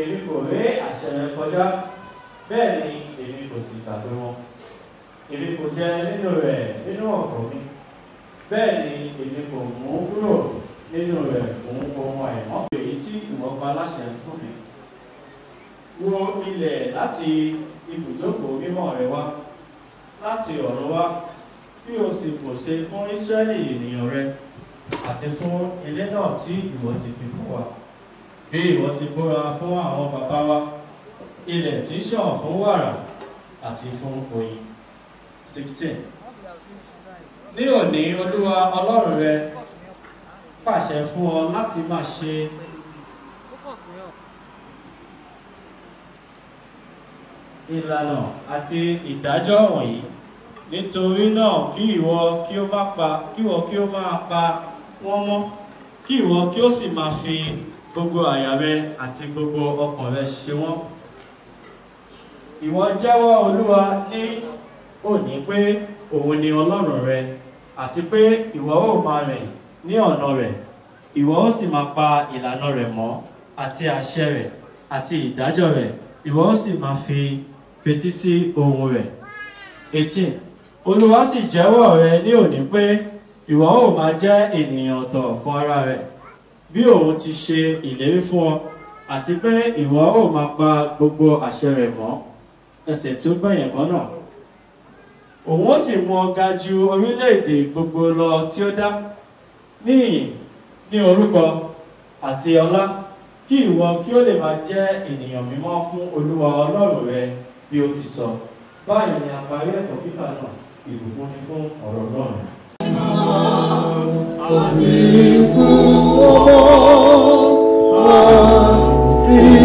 èmi kò ré àṣẹ rẹ kọjá bẹ́ẹ̀ ni èmi kò sì tàbí wọn èmi kò jẹ nínú rẹ̀ nínú ọ̀rọ̀ mi bẹ́ẹ̀ ni èmi kò mú kúrò nínú rẹ̀ fún ohun àìmọ́. èyí tí ìwọ pa láṣẹ fún mi wo ilẹ̀ láti ibùjókòó mímọ́ rẹ wá láti ọ̀run wá kí o sì pòṣe fún Ísírẹ́lì ènìyàn rẹ àti fún ilé náà tí ìwọ ti fi fún wa bí ìwọ ti búra fún àwọn bàbá wa ilẹ̀ tí ṣàn fún wàrà àti fún oyin sixteen ní òní olúwa ọlọ́run rẹ pàṣẹ fún ọ láti máa ṣe ìlànà àti ìdájọ́ wọ̀nyí nítorí náà kí ìwọ kí ó má pa kí ìwọ kí ó máa pa wọ́n mọ́ kí ìwọ kí ó sì máa fi gbogbo àyà rẹ àti gbogbo ọkàn rẹ ṣe wọ́n ìwọ jẹ́wọ́ olúwa ní òní pé òun ni ọlọ́run rẹ àti pé ìwọ ó máa rìn ní ọ̀nà rẹ̀ ìwọ ó sì máa pa ìlànà rẹ̀ mọ́ àti àṣẹ rẹ̀ àti ìdájọ́ rẹ̀ ìwọ ó sì máa fi fetí sí ohùn rẹ̀ eighteen olúwa sì jẹ́wọ́ rẹ ní òní pé ìwọ ó máa jẹ́ ènìyàn ọ̀tọ̀ fún ara rẹ̀ bí òun ti ṣe ìlérí fún ọ àti pé ìwọ ó máa pa gbogbo àṣẹ rẹ̀ mọ́ ẹsẹ̀ tí ó gbẹ̀yìn kan náà òun ó sì mú ọ ga ju orílẹ̀-èdè gbogbo lọ tí ó dá ní ní orúkọ àti ọlá kí ìwọ kí ó lè máa jẹ́ ènìyàn mímọ́ fún olúwa ọlọ́run rẹ bí ó ti sọ báyìí ni a parí ẹ̀kọ́ kíkà náà ìbùkún ni fún ọ̀rọ̀ ọlọ́run. 我祝福我梦，我。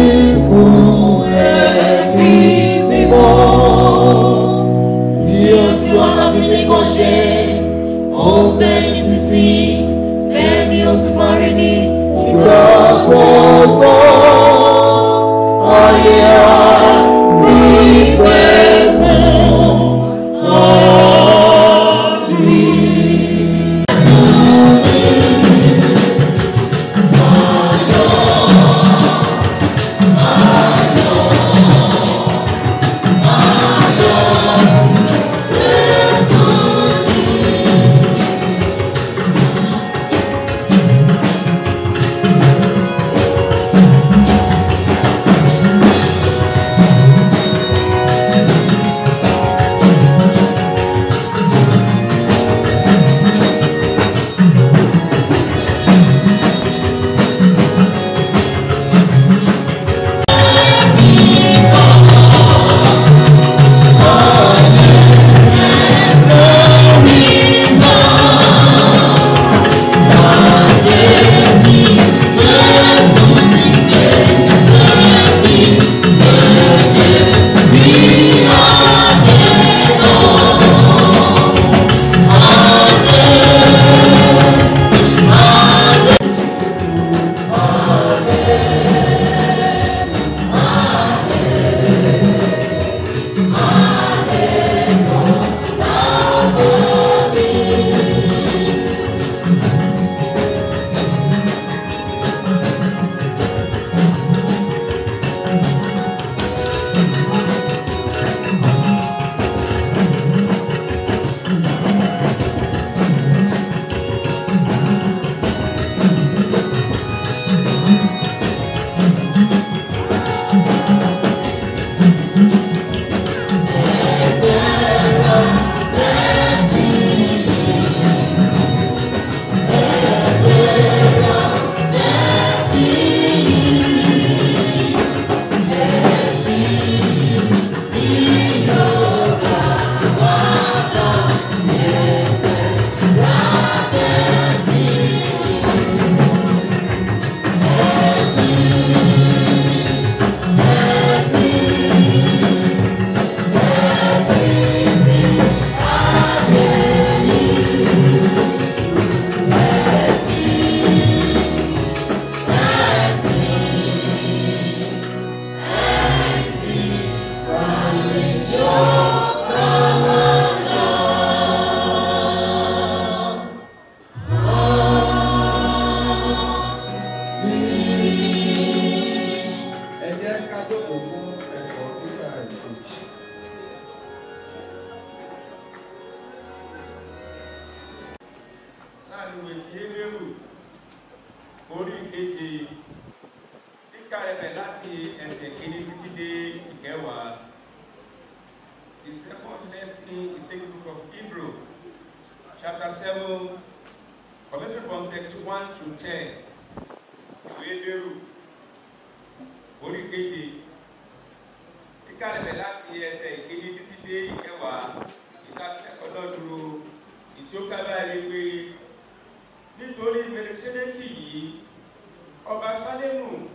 lẹ́nu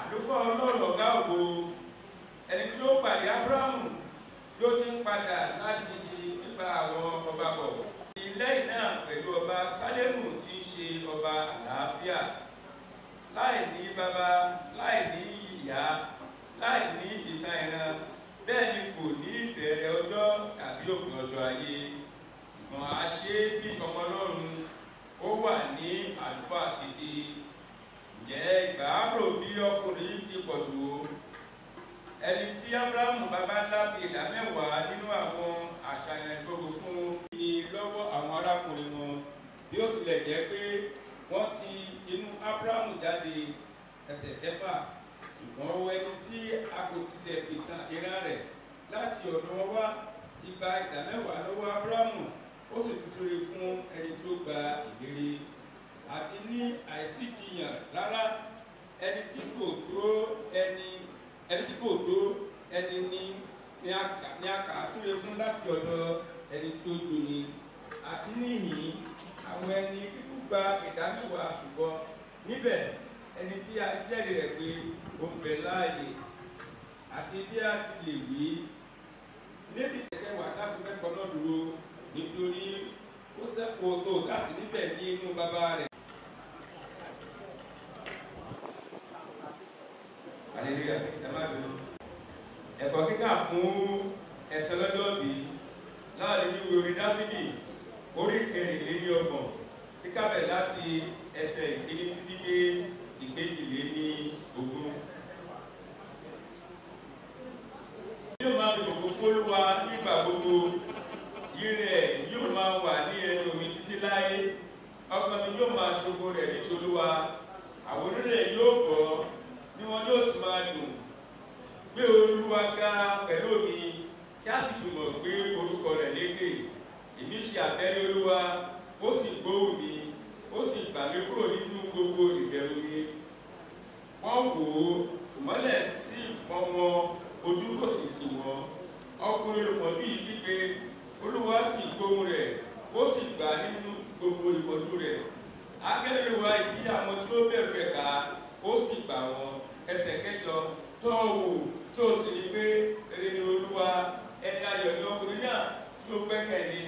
àlùfọ́ ọlọ́ọ̀lọ́gá ògo ẹni tí ó pàdé abrahamu ló ti ń padà láti di nípa àwọn ọba bọ̀ lẹ́yìn náà pẹ̀lú ọba sálẹ́mù tí ń ṣe ọba àlàáfíà láì ní bàbá láì ní ìyá láì ní ìta ìran bẹ́ẹ̀ ni kò ní ìbẹ̀rẹ̀ ọjọ́ tàbí òpin ọjọ́ ayé ìgbọ̀n àṣẹ bí ọmọ ọlọ́run ó wà ní àlùfáà títí ǹjẹ́ ìgbàárò bí ọkùnrin ti pọ̀ tó ẹni tí Ábúráhámù bàbá ńlá fi ìdá mẹ́wàá nínú àwọn àṣàyàn ìgbógun fún ni lọ́wọ́ àwọn arákùnrin wọn bí ó tilẹ̀ jẹ́ pé wọ́n ti inú Ábúráhámù jáde ẹsẹ̀ tẹ́fà ṣùgbọ́n ẹni tí a kò tilẹ̀ ìtàn ìran rẹ̀ láti ọ̀dọ̀ wa ti gba ìdá mẹ́wàá lọ́wọ́ Ábúráhámù ó sì ti súre fún ẹni tó gba ìlérí àti ní àìsí ìdíyàn rárá ẹni tí kò tó ẹni ẹni tí kò tó ẹni ní ní àkà ní àkà súre fún láti ọ̀dọ̀ ẹni tí ó ju ni àti níhìn àwọn ẹni kíkú gba ìdámẹ́wàá ṣùgbọ́n níbẹ̀ ẹni tí a jẹ́rìí rẹ̀ pé ó ń bẹ láàyè àti bí a ti lè wí níbi kẹ̀kẹ́ wà dásí mẹ́kọ̀ọ́ náà dúró nítorí ó sẹ́kọ̀ọ́ tó sásì níbẹ̀ ní inú bàbá rẹ̀. aleluya ẹ má bínú ẹ̀kọ́ kíkà fún ẹsẹ̀ lọ́jọ́ bí láàrin ìwé orí dáfídì orí kẹrìnlélẹ́ni ọgbọ̀n kíkà bẹ̀ láti ẹsẹ̀ ìkíní títí dé ìkejìlélẹ́ni ogún. yóò máa fi gbogbo fólúwa nígbà gbogbo yírẹ̀ yóò máa wà ní ẹnu mi títí láé ọkàn mi yóò máa ṣogo rẹ̀ nítorí wa. wa ga pẹ̀lú mi kí a sì túbọ̀ gbé orúkọ rẹ̀ lékè èmi ṣe àtẹ́lé olúwa ó sì gbóhùn mi ó sì gbà mí kúrò nínú gbogbo ìbẹ̀rù mi wọ́n wò ó ìmọ́lẹ̀ sí ìpọ́n wọn ojú kò sì tì wọ́n ọkùnrin lòpọ̀ bí gbígbé olúwa sì gbóhùn rẹ̀ ó sì gbà nínú gbogbo ìpọ́njú rẹ̀ akẹ́lẹ́ wa ìdí àwọn tí ó bẹ̀rù ẹ̀ka ó sì gbà wọn ẹsẹ̀ kẹjọ tọ́ wò tó o sì ní pé èrè ni olúwa ẹni ayọ̀ ní ọkùnrin náà tí o gbẹ́kẹ̀lé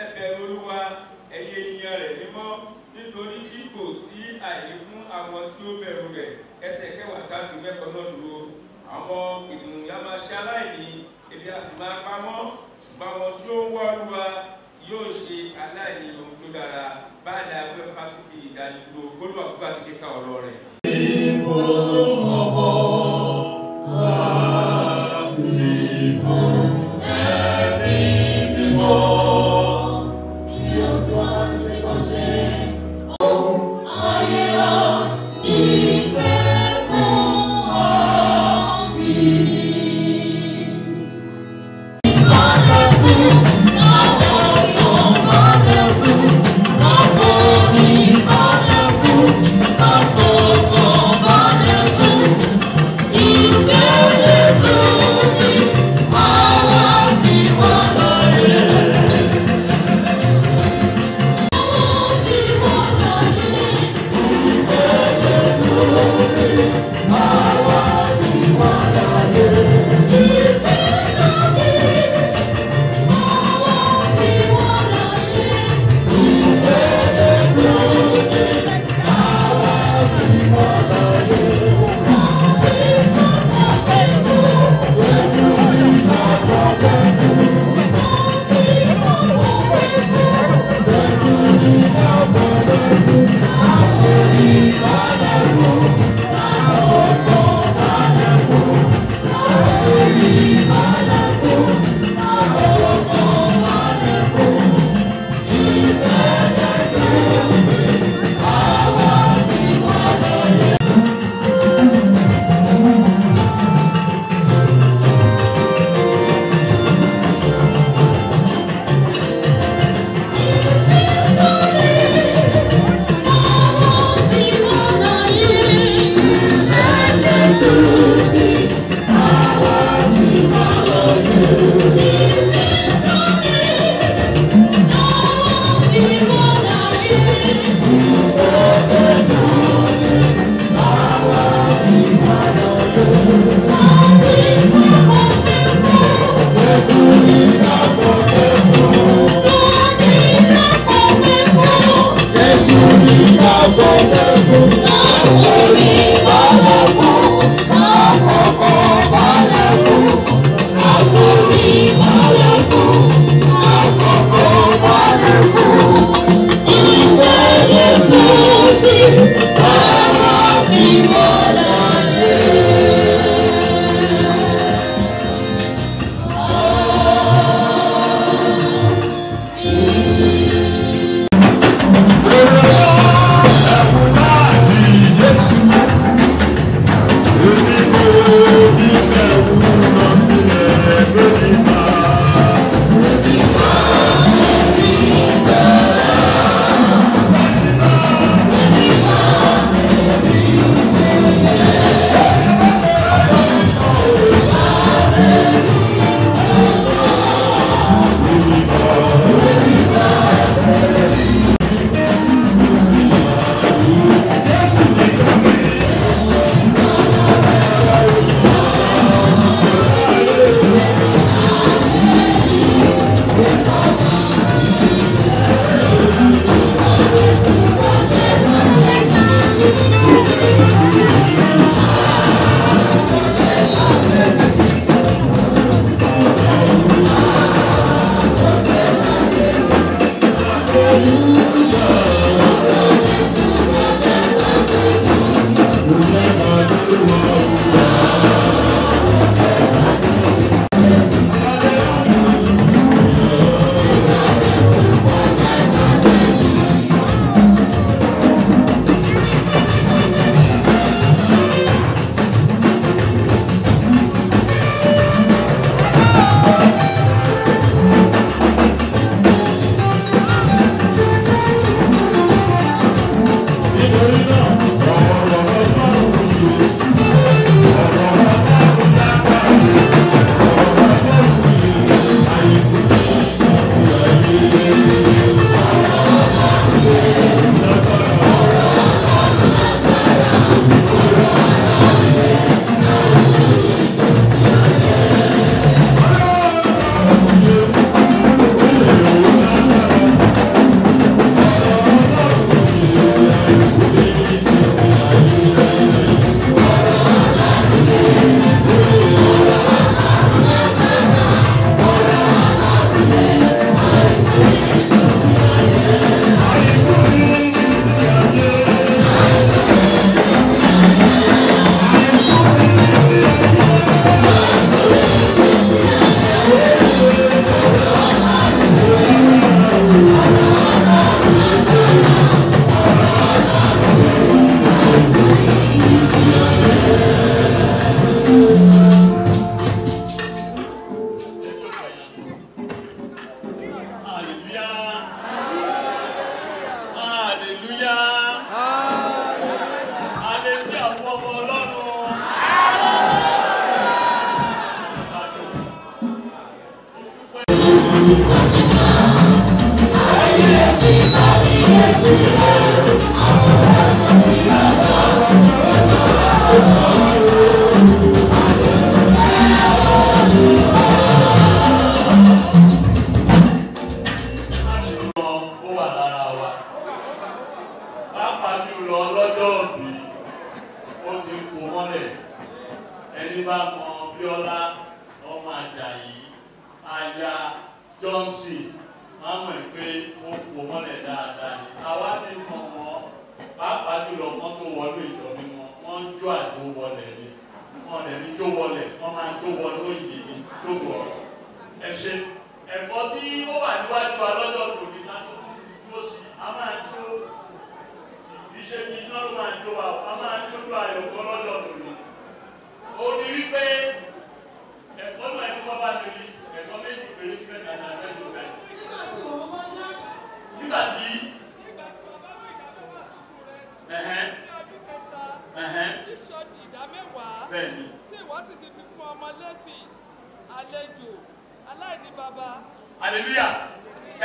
ẹ bẹ̀rù olúwa ẹ̀yẹ ènìyàn rẹ̀ mímọ́ nítorí tí kò sí àyè fún àwọn tí ó bẹ̀rù rẹ̀ ẹsẹ̀ kẹwàá káàtó mẹ́kọ̀ọ́ náà dúró àwọn ènìyàn máa ṣe aláìní ebi a máa pa ṣùgbọ́n àwọn tí ó ń wá olúwa yóò ṣe aláìní ohun tó dára báyìí la wíwá fásitì ìdánidúró gbọ́dọ̀ àkókò àti kíkà ọ̀rọ̀ rẹ̀.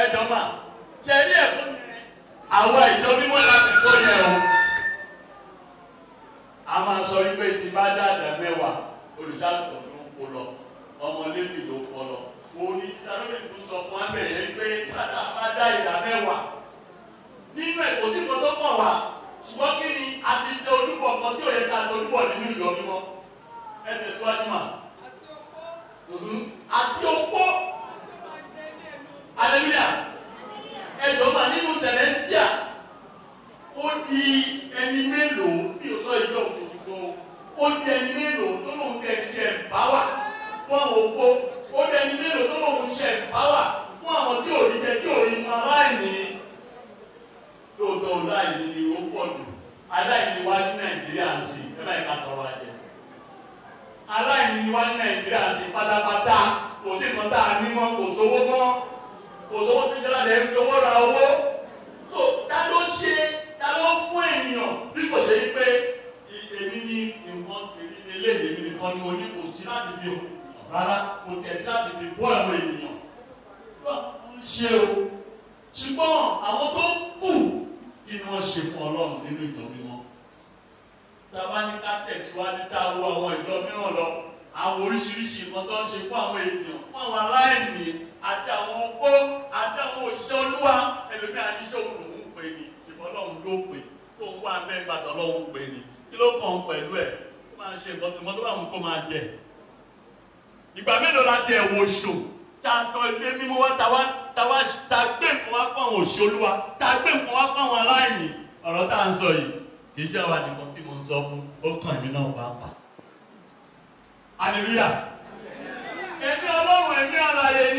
ẹ̀dọ́mà ṣe ilé ẹ̀kọ́ yẹn àwọn ìjọ mímọ́ láti kó a máa sọ wípé bá dáadáa mẹ́wàá ló ń kó lọ ọmọ lọ òní tó sọ fún pé bàtà bá dá ìdá mẹ́wàá nínú ẹ̀kọ́ sí tó pọ̀ wá ṣùgbọ́n kí ni a ti tẹ olúbọ̀ kan aleluya ẹjọ máa nínú celestia ó di ẹni mélòó bí o sọ ìjọ òkùnkùn ó di ẹni mélòó tó lóun tẹ ẹni ṣe ẹ̀ǹpáwà fún àwọn opó ó di ẹni mélòó tó lóun ṣe ẹ̀ǹpáwà fún àwọn tí ò rí jẹ tí ò rí mu aláìní lóòótọ́ aláìní ni ó pọ̀ jù aláìní wá ní nàìjíríà ń sìn ẹ báyìí ká tọrọ àjẹ aláìní wá ní nàìjíríà ń sìn pátápátá kò sí kan tá a ní mọ́ kò sówó mọ́ kò sówó tó jẹ́ra lẹ́yìn tó wọ́n ra owó so ta ló ṣe ta ló fún ènìyàn bí kò ṣe yí pé èmi ni nǹkan èmi ni eléyìí èmi nìkan ni mo ní kò sí láti bí o rárá kò tẹ̀ sí láti fi bọ́ àwọn ènìyàn ṣe o ṣùgbọ́n àwọn tó kù kí ni wọ́n ṣe fún ọlọ́run nínú ìjọ mímọ́ tá a bá ní ká tẹ̀síwájú tá a wo àwọn ìjọ mìíràn lọ àwọn oríṣiríṣi ìbọn tó ń ṣe fún àwọn ènìyàn fún àwọn aláìní àti àwọn opó àti àwọn òṣìṣẹ́ olúwa ẹlòmíà ní iṣẹ́ òun lòún pè ní ìbọn lọ́hún ló pè tó ń wá abẹ́gbàdàn lọ́hún pè ní kí ló kàn pẹ̀lú ẹ̀ tó máa ṣe ìbọn tó mọ́ tó bá wọn kó máa jẹ. ìgbà mélòó láti ẹ̀ wo ṣò tá a tọ ilé mímú wá tá a wá tá a gbé nǹkan wá fún àwọn òṣìṣẹ́ olúwa tá gbé nǹkan wá fún àwọn aláìní ọ̀rọ̀ tá hallelujah ẹ̀mí ọlọ́run ẹ̀mí alààyè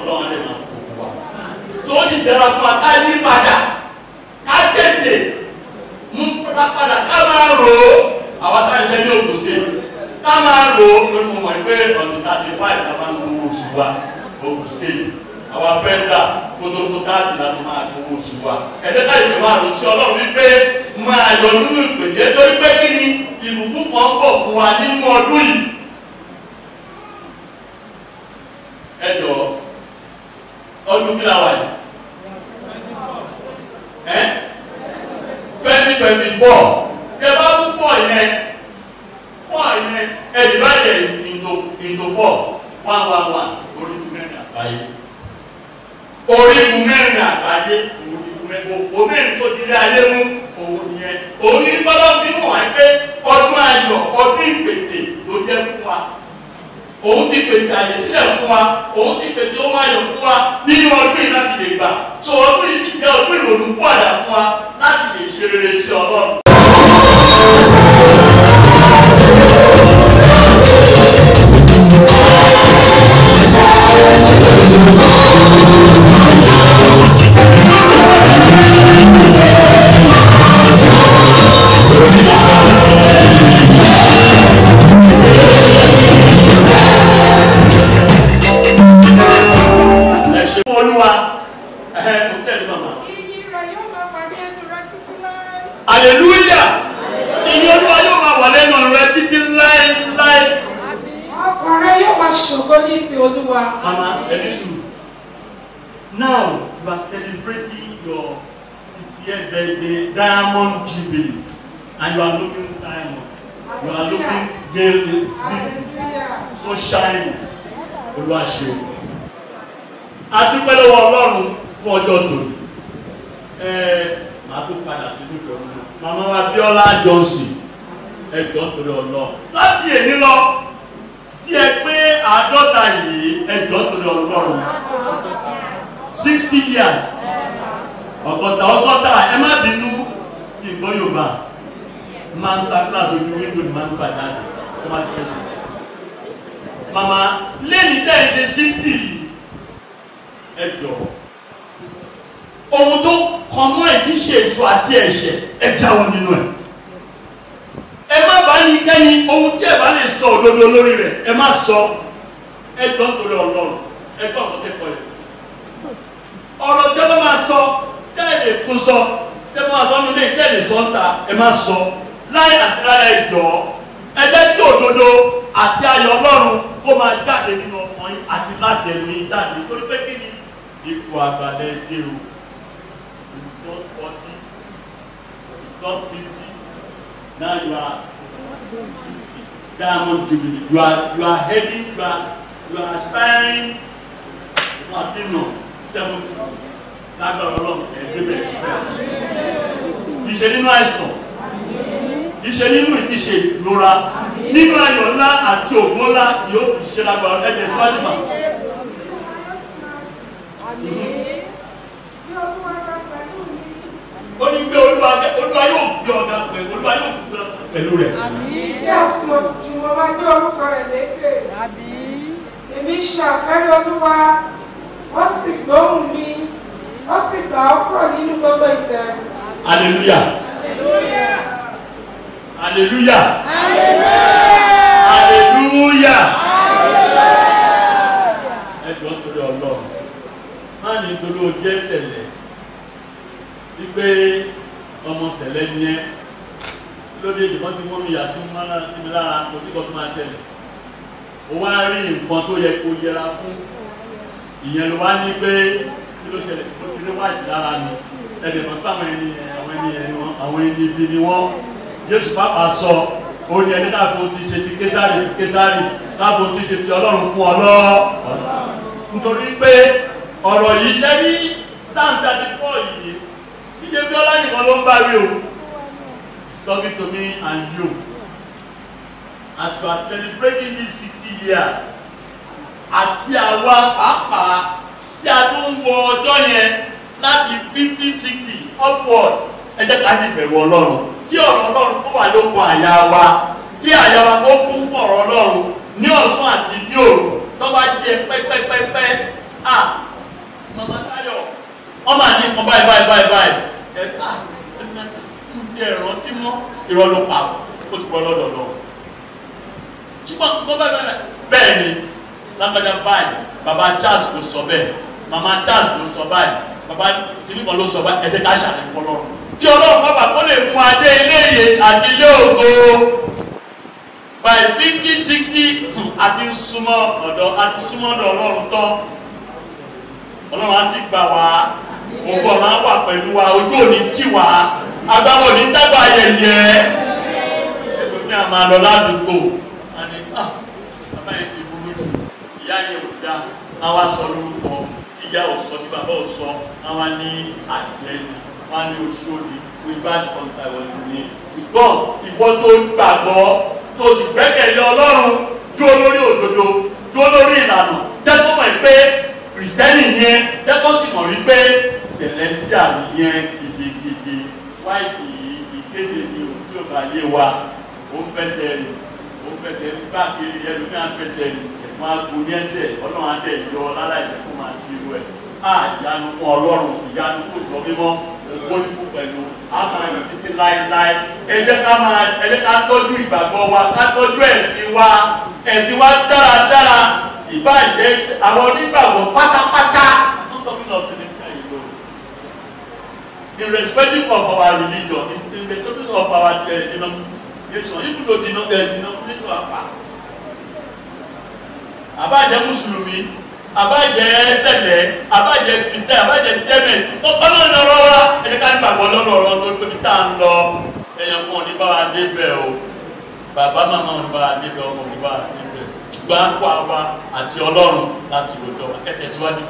ọlọ́run ọlọ́run lè máa kó wa tó ti dára fún wa ká yí padà ká tètè mú ká padà ká máa rò ó àwa tá a jẹ ní Ògùn state ká máa rò ó pé mo mọ̀ pé ọ̀dùn thirty five la máa ń gbowó oṣù wa Ògùn state àwa fẹ́ dà kótópó táàtì láti máa gbowó oṣù wa ẹ̀ẹ́dẹ́gbẹ́ ìgbẹ́ máa rò sí ọlọ́run wípé máa yọ nínú ìpèsè torí pé kí ni ìbùkún kan bọ̀ fún wa nínú ọdún yìí. ẹ jọ ọdún kí la wà twenty twenty four yẹ bá mú four yẹn four yẹn ẹ dì bá yẹ into into four one one one orígun mẹ́rin àgbáyé orígun mẹ́rin àgbáyé orígun mẹ́rin omi tó ti rí ayé mú òun yẹn òun ní bọ́lá bímọ àgbẹ̀ ọdún ayọ̀ ọdún ìpèsè ló jẹ́ fún wa òun ti pèsè àyè sílẹ̀ fún wa òun ti pèsè ó máa fún wa nínú ọdún yìí láti lè gbà so ọdún yìí sì jẹ́ ọdún ìrònú pàdà fún wa láti lè ṣe rere sí ọlọ́run. Thank you. ṣògo ní ti mama elisu now you are celebrating your sixtieth birthday diamond jubilee and you are looking diamond you are looking gay so shiny olúwa ṣe o adúpẹ́ lọ́wọ́ ọlọ́run fún ọjọ́ tòun màá tún padà sínú ìjọba màmá wa Bíọ́lá Johnson ẹ̀jọ̀ nítorí ọlọ́run láti èyí lọ tí ẹ pé àádọ́ta yìí ẹjọ́ tó lọ ọgọ́rùn sixty years ọgọ́ta ọgọ́ta ẹ má bínú ìgbọ́ yorùbá máa ń sábà lójú wíńdò ní máa ń gbà jáde ó máa ń tẹ̀lé màmá lẹ́ni tẹ́ ẹ ṣe sixty ẹjọ́ ohun tó kọ́ mọ́ ẹ̀ kí ṣe èso àti ẹ̀ṣẹ̀ ẹ jáwọ́ nínú ẹ̀ ẹ má bá ní kẹ́yìn ohun tí ẹ bá lè sọ òdodo lórí rẹ̀ ẹ má sọ ẹ jọ ń ọlọ́run ẹ gbọ́ ọ̀tọ̀ tẹ́kọ̀ọ́ yẹn ọ̀rọ̀ tí ẹ bá máa sọ tẹ́ ẹ lè tún sọ tẹ́ ẹ máa sọ nílé tẹ́ ẹ lè sọ ń ẹ má sọ láì àti ẹ jọ ẹ jẹ́ kí òdodo àti ayọ̀ ọlọ́run kó máa jáde nínú ọkàn yín àti láti ẹnu yín jáde torí pé kí ni ipò àgbàdo ẹ dé o ìgbọ́ forty ìgbọ́ fifty. Now you are diamond jubilee. You are you are heading you are you are aspiring platinum seventy. Lágbára Ọlọ́run ẹ̀ẹ́dẹ́gbẹ̀. Ìṣe nínú àìsàn. Ìṣe nínú ìtíṣe ìrora. Nínú ayọ̀ ńlá àti ògbó ńlá yóò fi ṣe lágbára ẹ̀jẹ̀ síwájú mà. Àmín ó ní pé olúwa olúwa yóò gbé ọ̀gá pẹ̀lú olúwa yóò gbé ọ̀gá pẹ̀lú rẹ̀. yasmo jùmọ̀ wá gbé orúkọ rẹ̀ lékè. èmi ṣàfẹ́rẹ́ olúwa wọ́n sì gbóhùn mi wọ́n sì gbà ọ́ kúrò nínú gbogbo ìbẹ̀rù. hallelujah hallelujah hallelujah. ìjìyà tó máa ń sinmi lára kò sí kan tó máa ṣẹlẹ̀ ó wá rí nǹkan tó yẹ kó yẹra fún ìyẹn ló wá ní pé kí ló ṣẹlẹ̀ kó kí ló wá jì lára mi ẹ̀dẹ̀ mọ̀ pé àwọn ẹni àwọn ẹni ẹni wọn àwọn ẹni ibi ni wọ́n Jésù pàpà sọ ó ní ẹni dàbò ti ṣe ti Késárì Késárì dàbò ti ṣe ti Ọlọ́run fún ọlọ́ nítorí pé ọ̀rọ̀ yìí jẹ́ ní sáǹtà ti pọ̀ yìí kí talking to me and you. As you are celebrating this city year, àti àwa pàápàá tí a tó ń wọ ọjọ́ yẹn láti fifty sixty upward ẹ jẹ́ ká ní ìbẹ̀rù ọlọ́run kí ọ̀rọ̀ ọlọ́run kó wà lóko àyà wa kí àyà wa kó kún fún ọ̀rọ̀ ọlọ́run ní ọ̀sán àti ní òru tó bá jẹ pẹ́pẹ́pẹ́pẹ́ à màmá Táyọ̀ ọmọ àti nǹkan báyìí báyìí báyìí báyìí ẹ̀ ká tiẹ̀ rántí mọ́ ìrọ̀lù pa ó ti pọ̀ lọ́dọ̀ lọ. ṣùgbọ́n mo bá bẹ̀rẹ̀ bẹ́ẹ̀ ni lágbájá báyìí bàbá Charles kò sọ bẹ́ẹ̀ màmá Charles kò sọ báyìí bàbá kìnnìkan ló sọ báyìí ẹ jẹ́ ká ṣàlẹ̀ pọ̀ lọ́rùn. kí ọlọ́run bàbá kó lè mú adé ilé ìyè àti ilé ògo by fifty sixty àti hmm, súnmọ́ ọ̀dọ̀ àti súnmọ́ ọ̀dọ̀ ọlọ́run tán ọlọ́run á sì gbà wá ògbọ́n máa wà pẹ̀lú wa ojú òní tì wá agbábọ̀ ní dágbà ayẹyẹ ẹlòmíà máa lọ ládùúgbò àní ah, bàbá yẹn ti burú jù ìyá yẹn ò dá àwa sọ lórúkọ tíyá ò sọ tí bàbá ò sọ àwa ní àjẹni àwa ní oṣooṣi wíwá ìkọ̀ǹta ìwọ̀n ní ṣùgbọ́n ìwọ tó gbàgbọ́ tó sì gbẹ́kẹ̀lé ọlọ́run dúró lórí òdodo dúró lórí ìlànà jẹ́ mọ̀ pé kìrìsìtẹ́nì yẹn jẹ́ sì mọ̀ wípé celestial yẹn gidigidi wáìtì yìí ìkéde ni ò tí ò bá yé wa ó ń fẹsẹ̀ rìn ó ń fẹsẹ̀ rìn bá kiri ẹlòmíì á ń fẹsẹ̀ rìn ẹ̀gbọ́n agun ní ẹsẹ̀ ọlọ́run á dẹ̀ yọ láláì jẹ́ kó máa ti ru ẹ̀ á ìyanu mọ́ ọlọ́run ìyanu kò jọ mímọ́ ògbóníkù pẹ̀lú á máa yọ títí láéláé ẹ jẹ́ ká máa ẹ jẹ́ ká tọ́jú ìgbàgbọ́ wa ká tọ́jú ẹ̀sìn wa ẹ̀sìn wa dáradára ìbàjẹ́ àwọn onígbàgbọ́ pátápátá tó tọ́ irrespective of our religion irrespective of our uh, denomination even though denom uh, eh, denomination apa abájẹ mùsùlùmí abájẹ sẹlẹ abájẹ kristian abájẹ sẹmẹ ọlọ́run ní ọ̀rọ̀ wa ẹni ká nípa àwọn ọlọ́run ọ̀rọ̀ tó tóbi tá à ń lọ ẹyàn kan ní bá wa débẹ̀ o bàbá màmá ní bá wa débẹ̀ ọmọ ní bá wa débẹ̀ ṣùgbọ́n àpò àwa àti ọlọ́run láti lòdọ̀ ẹ tẹ̀síwájú.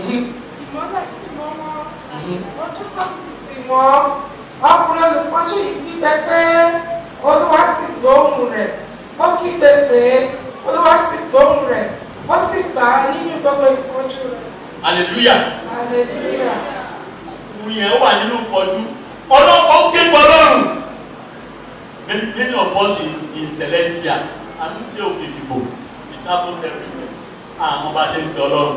Mm-hmm. ìmọ̀lẹ̀ sí mọ́mọ́ ojú kan sì tì wọ́n ọkùnrin olùpọ́njú yìí kígbe pé olúwa sì gbóhùn rẹ̀ ó kígbe pé olúwa sì gbóhùn rẹ̀ ó sì gbà á nínú gbogbo ìpọ́njú rẹ̀. aleluya. aleluya. ìyẹn wà nínú ìpọ́njú ọlọ́pàá ó ké gbọ́ many of us in in celestia a ní sí òkè ìdìbò ìtàkùn Ah, àwọn bá ṣe ń tẹ ọlọ́run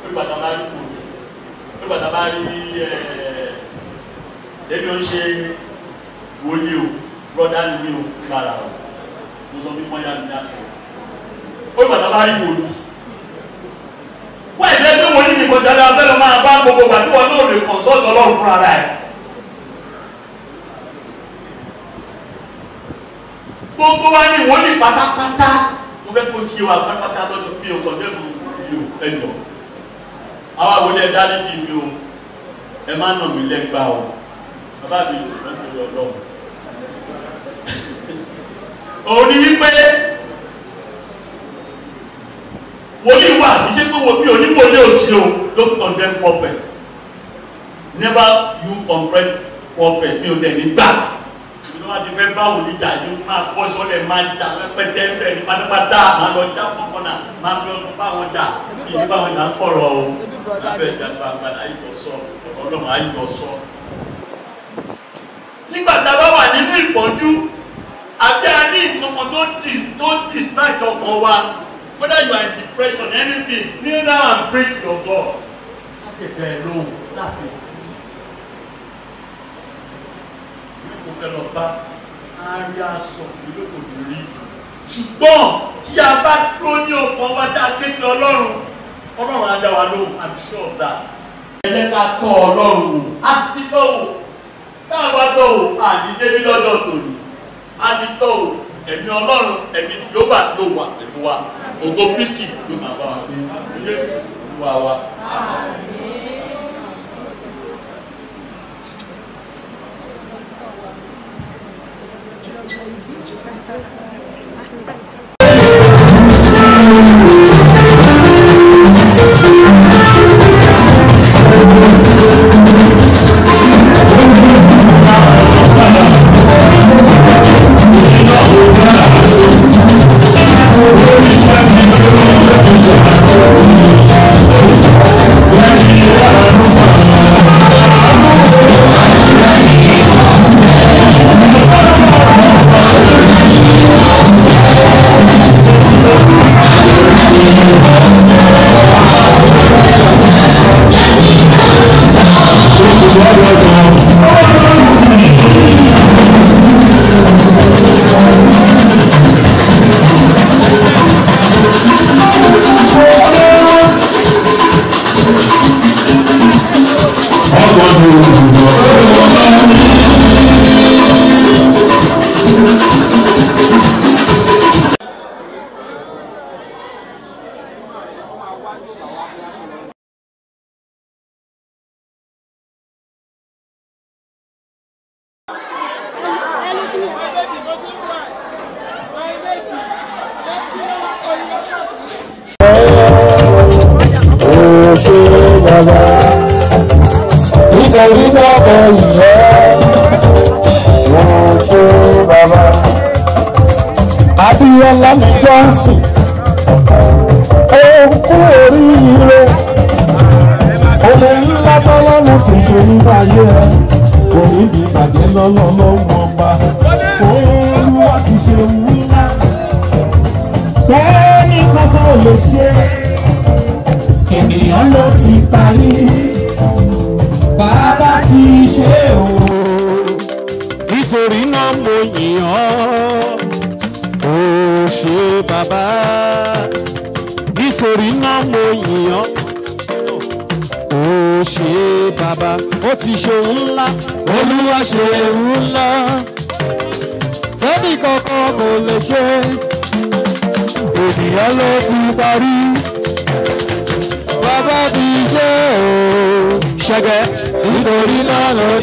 pé gbàgbọ́n bá ń kú nígbà tá a bá rí lẹ́bi ó ń ṣe wòlíì o brọ́dá ni mi ò gbára o mo sọ fún mọ́yá mi láti o nígbà tá a bá rí wòlíì wọ́n ìdílé tó wòlíì ni mo jáde abẹ́rẹ́ máa bá gbogbo gbà tí wọ́n náà lè kàn sọ́ọ̀tọ̀ ọlọ́run fúnra rẹ̀. gbogbo wa ni wọ́n ní pátápátá mo fẹ́ kó ṣe wa pátápátá lọ́jọ́ bí o kọjá mi ò ẹ̀jọ̀ àwọn àwòlẹ̀ dání bíi mi o ẹ má nà mí lẹ́gbàá o bàbá mi ò rẹ́ mi lọ lọ́wọ́. òun ni wípé wòlíì wà ìṣe pé wòlíì oníwòlé òsì o don't condemn prophet never you comprehend prophet mi ò dẹ̀ nígbà wọ́n ti fẹ́ bá wòlíì jà yóò máa kọ́ sọ́lẹ̀ máa jà pẹ́pẹ́tẹ́ ń bẹ̀ ní pátápátá máa lọ já fọ́kànnà máa lọ bá wọn jà ìdí bá wọn jà ń pọ̀rọ̀ o brother David. abẹ́ ìjàmbá àgbàdo àyíjọ sọ ọ̀rọ̀ ọlọ́run àyíjọ sọ. nígbà tá a bá wà nínú ìpọ́njú àbí a ní ìtọ́kọ tó dì tó distract ọkàn wa whether you are in depression anything kneel down and pray to your God. láti bẹ̀rẹ̀ lóhùn láti ìlú kò fẹ́ lọ bá àárí aṣọ ìlú kò ní rí ṣùgbọ́n tí a bá dúró ní ọkàn wa dá kéde ọlọ́run ọlọ́run á wa lóhùn i'm sure of that. ẹlẹ́ka tọ́ ọlọ́run wò á sì ti tọ́ wò táwa tọ́ wò àdídé bí lọ́dọ̀ tòní á ti tọ́ wò ẹ̀mí ọlọ́run ẹ̀mí jehova ló wà pẹ̀lú wa ògo kristi ló máa bá wa gbé jésù wà wá. Thank you.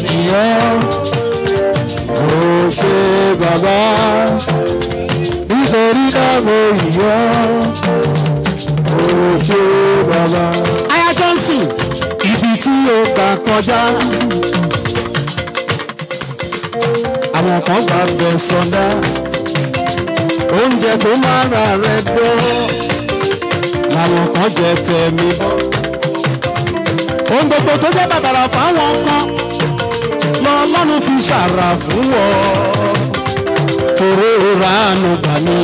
yẹn mo ṣe bàbá nítorí náà mo yẹn mo ṣe bàbá. Aya Johnson ibi tí o gbà kọjá àwọn kan bá bẹ sọdá oúnjẹ tó máa ra rẹ dọ́ làwọn kan jẹ tẹ̀mí ohun gbogbo tó jẹ́ bàbàrà fáwọn kan lọ́lọ́run fi ṣàrà fún ọ. Tòró ránù bà ní,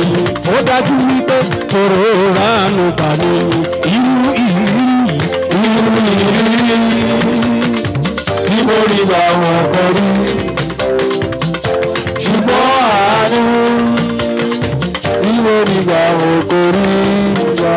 ó dájú wípé tòró ránù bà ní, irú ìrírí, irú ìrírí, bí mo rí làwọn ọkọ̀ rí. Ṣùgbọ́n àánú, bí mo rí làwọn ọkọ̀ rí wá.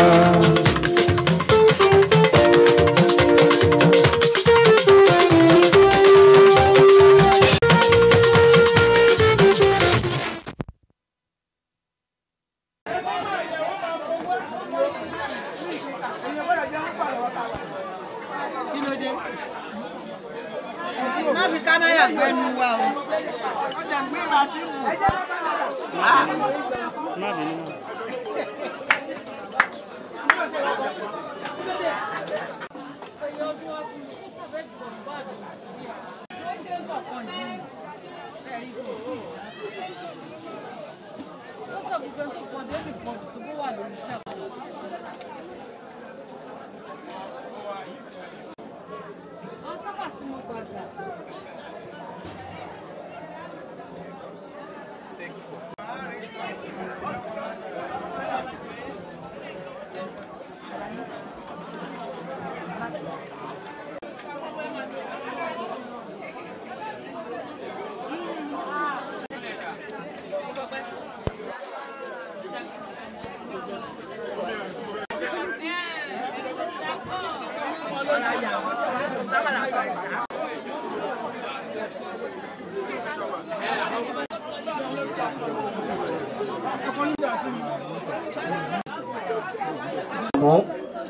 àmọ́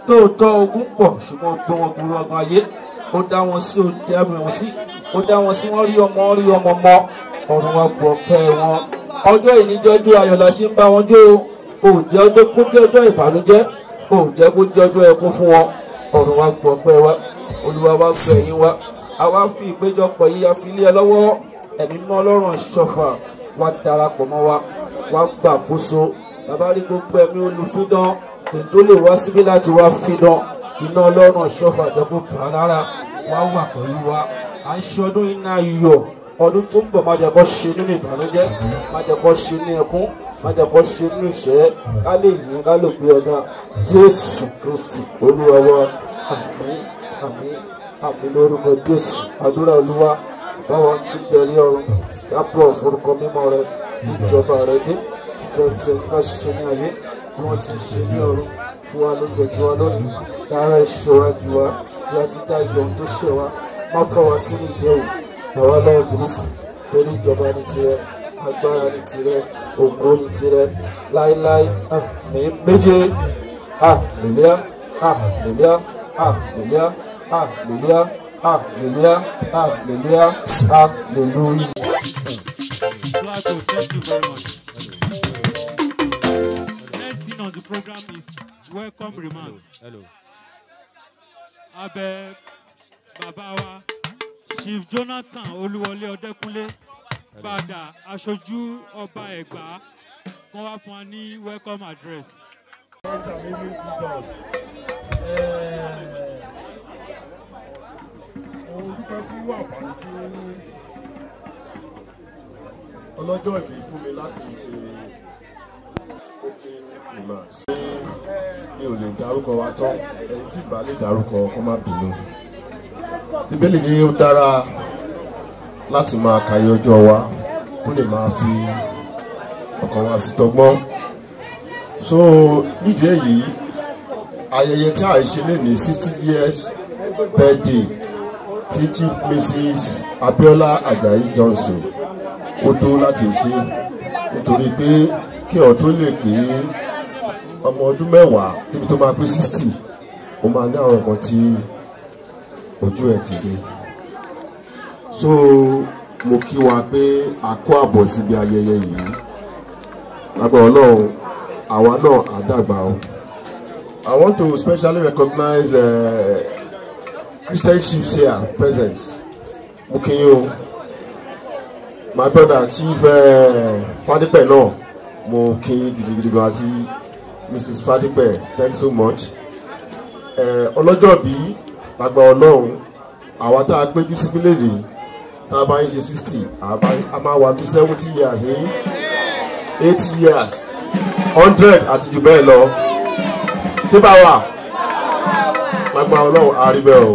tóòtọ́ ogun pọ̀ ṣùgbọ́n gbé wọn gbúrú ayé ó dá wọn sí ó dá sí ó dá wọn sí wọ́n rí ọmọ rí ọmọ mọ́ ọ̀run wọn gbọ́ wọn ọjọ́ ìníjọ́jú ayọ̀ ṣe ń bá wọn jó o jẹ́ ọjọ́ kó jẹ́ ọjọ́ ìbànújẹ́ o jẹ́ kó jẹ́ ọjọ́ ẹkún fún wọn ọ̀run wa gbọ́ wa olúwa wa gbọ́ ẹ̀yìn wa a wá fi ìpéjọpọ̀ yìí a fi lé ẹ lọ́wọ́ ẹ̀mí mọ́ ọlọ́run ṣọ̀fà wa darapọ̀ mọ́ wa wa gbàkóso bàbá rí gbogbo ẹ̀mí olùfídán tó lè wá síbí láti wá fidán iná ọlọ́run ọ̀ṣọ́fà àjọkùn pàlára wá wà pẹ̀lú wa à ń ṣe ọdún iná yọ̀ ọdún tó ń bọ̀ má jẹ́ kó ṣe nínú ìbànújẹ́ má jẹ́ kó ṣe ní ẹkún má jẹ́ kó ṣe nínú ìṣẹ́ ká lè yìn ká lè gbé ọ̀dà jésù kristi olúwa wa àmín àmín àmín lórúkọ jésù àdúrà olúwa báwa ti bẹ̀rẹ̀ ọ̀run jábọ̀ forúkọ mímọ́ rẹ ìjọba rẹ dé ìfẹ́ tẹ ká ṣiṣẹ́ ní ayé ni ti ṣe ní ọ̀run fún wa lóúnjẹ ju wa lónìí lára ìṣe wa ju dájọ tó ṣe wa má fà wá sínú ìdẹ́wò àwa náà bírísì torí ìjọba ní tirẹ̀ agbára ní tirẹ̀ ògo ní tirẹ̀ láéláé àmì méje àmìlíà àmìlíà àmìlíà àmìlíà àmìlíà àmìlíà àmìlíà. Thank you very much on the program is welcome hello, remarks. Hello. Abẹ Babawa, Chief Jonathan Olúwọlé Ọdẹ́kúnlé Bada Ashoju ọba Ẹ̀gbá kan wá fún wa welcome address. Eh, ọlọ́jọ́ ìbí fún mi láti ṣe mi ò lè dárúkọ wa tán ẹni tí ìbá lè dárúkọ kó má bínú bíbélì ni ó dára láti máa kàyé ọjọ́ wa kó lè máa fi ọkàn wa sí tọgbọ́n so nídìí èyí ayẹyẹ tí a ṣe lè ní sixty years birthday ti Chief Mrs. Abiola Ajayi Johnson ó tó láti ṣe nítorí pé kí ọ̀ tó lè pé ọmọ ọdún mẹ́wàá níbi tó máa pé sixty ó máa ní àwọn nǹkan tí ojú ẹ̀ ti dé so mo kí wa pé a kó àbọ̀ síbi ayẹyẹ yìí lágbà ọlọ́run àwa náà àdàgbà o I want to specially recognize uh, Christian chiefs here present mo kí yín o my brother chief uh, eh, Fadipe náà. No mo kí gidigidi àti mrs fadipe thanks so much ọlọ́jọ́ bí lágbà ọlọ́run àwa tá a péjú síbí lèdè tá a bá ń ṣe sixty a máa wà bí seventy years ẹ̀yìn eh? eighty years hundred àti jù bẹ́ẹ̀ lọ ṣé bá wà lágbà ọlọ́run àríbẹ̀ o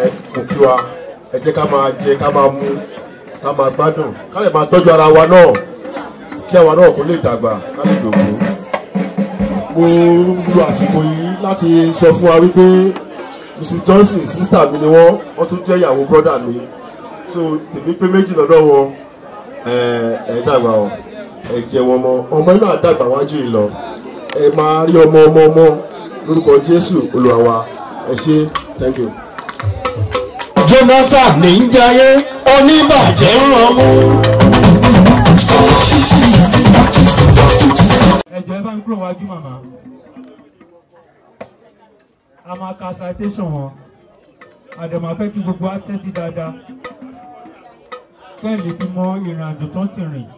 ẹ kò kí wa ẹ jẹ́ ká máa jẹ ká máa mu ká máa gbádùn ká lè máa tọ́jú ara wa náà kí àwa náà kó lè dàgbà láti dògbò. mo lu àsìkò yìí láti sọ fún wa wípé mrs johnson sísítà mi ni wọ́n wọ́n tún jẹ́ ìyàwó brọ́dà mi so tèmi pé méjì lọ́dọ̀ wọn ẹ dàgbà ọ ẹ jẹ wọn mọ ọmọ inú àdàgbà wájú yìí lọ ẹ máa rí ọmọ ọmọ ọmọ lórúkọ jésù olúwa ẹ ṣe thank you. Jonathan ní ń jayé oníbàjẹ́ ń rọmú. ẹjọ ẹ bá ń kúrò wájú màmá a máa ka citation wọn àdèmọ afẹ kí gbogbo á tẹ́tí dáadáa kẹ́ẹ̀lì fi mọ ìrìn àjò tó ti rìn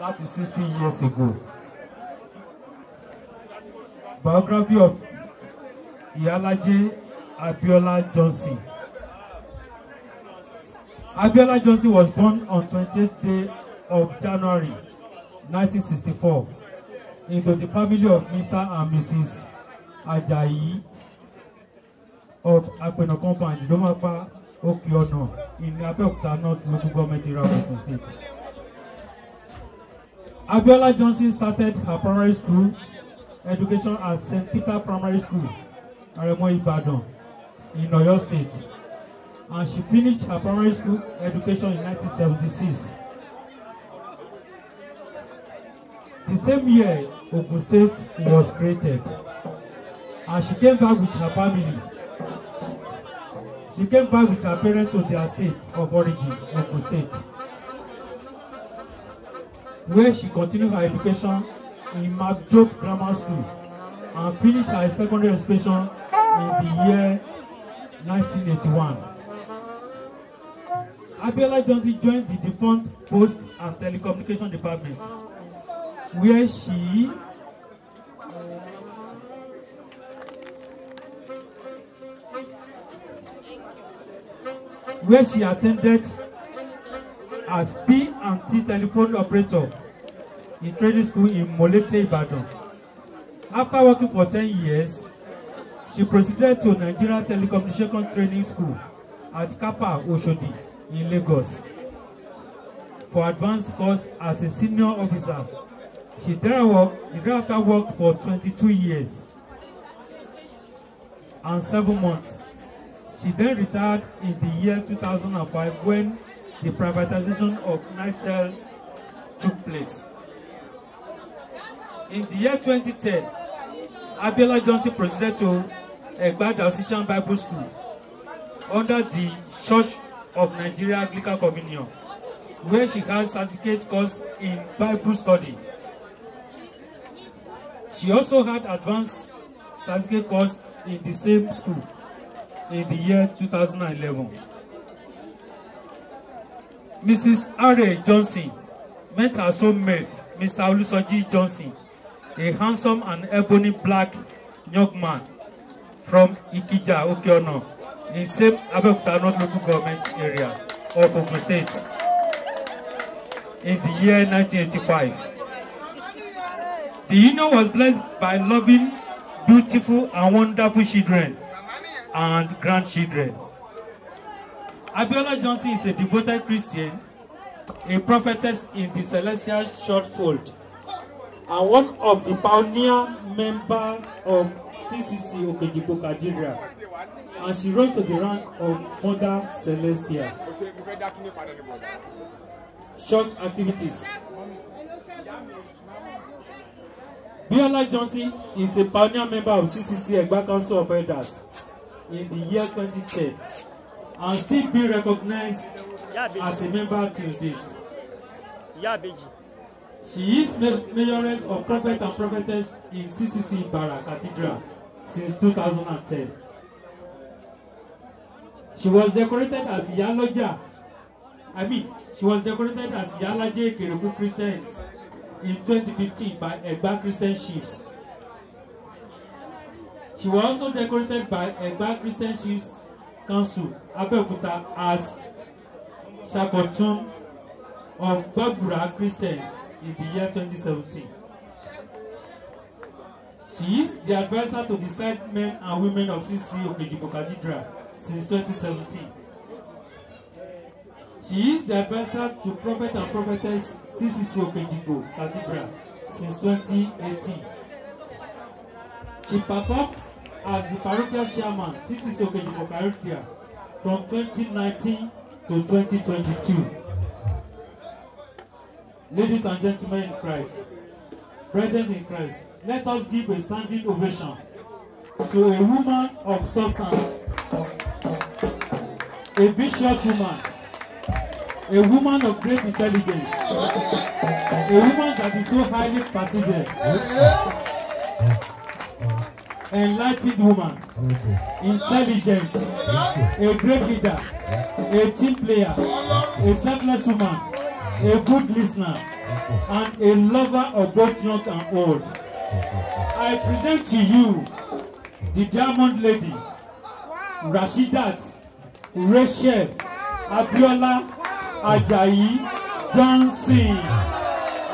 láti sixty years ago biography of ìyálájé Abiola Johnson. Abiola Johnson was born on 20th day of January 1964 into the family of Mr. and Mrs. Ajayi of Apeno Compound, Domapa, Okiona, in Abeokuta North Local Government area of Ogun State. Abiola Johnson started her primary school education at St. Peter Primary School, Aremo Ibadan, in Oyo State, and she finished her primary school education in 1976. The same year, Ogun State was created. And she came back with her family. She came back with her parents to their state of origin, Ogun State, where she continued her education in Magdrop Grammar School and finished her secondary education in the year 1981. Abiola Johnson joined the defunct Post and Telecommunication Department where she where she attended as T telephone operator in training school in Molete, Ibadan. After working for 10 years, she proceeded to Nigeria Telecommunication Training School at Kappa Oshodi in Lagos for advanced course as a senior officer She thereafter worked, worked for 22 years and seven months. She then retired in the year 2005 when the privatization of Nitel took place. In the year 2010, Abiola Johnson proceeded to Egbada Osishan Bible School under the Church of Nigeria Anglican Communion, where she has certificate course in Bible study. She also had advanced certificate course in the same school in the year 2011. Mrs. R.A. Johnson met her soulmate, Mr. Olusoji Johnson, a handsome and ebony black young man from Ikija, Okeono, in the same Abeokuta North local government area of Ogun State in the year 1985. The union was blessed by loving, beautiful, and wonderful children and grandchildren. Abiola Johnson is a devoted Christian, a prophetess in the Celestial Shortfold, and one of the pioneer members of CCC Okejibo Cathedral. And she rose to the rank of Mother Celestia. Short activities. Biola Johnson is a pioneer member of CCC Egba Council of Elders in the year 2010 and still be recognized Yabeji. as a member till date. Yabeji. She is mayoress of Prophet and Prophetess in CCC Bara Cathedral since 2010. She was decorated as Iyaloja. I mean, she was decorated as Iyalaje Kereku Christians in 2015 by Egba Christian Chiefs. She was also decorated by Egba Christian Chiefs Council, Abeokuta, as Shakotun of Babura Christians in the year 2017. She is the advisor to the side men and women of CC Okejiko Cathedral since 2017. She is the advisor to Prophet and Prophetess CCC Okejigbo Cathedral since 2018. She performed as the parochial chairman CCC Okejigbo Cathedral from 2019 to 2022. Ladies and gentlemen in Christ, brethren in Christ, let us give a standing ovation to a woman of substance, a vicious woman a woman of great intelligence, a woman that is so highly persuaded, enlightened woman, intelligent, a great leader, a team player, a selfless woman, a good listener, and a lover of both young and old. I present to you the diamond lady, Rashidat Rachel Abiola Ajayi Johnson.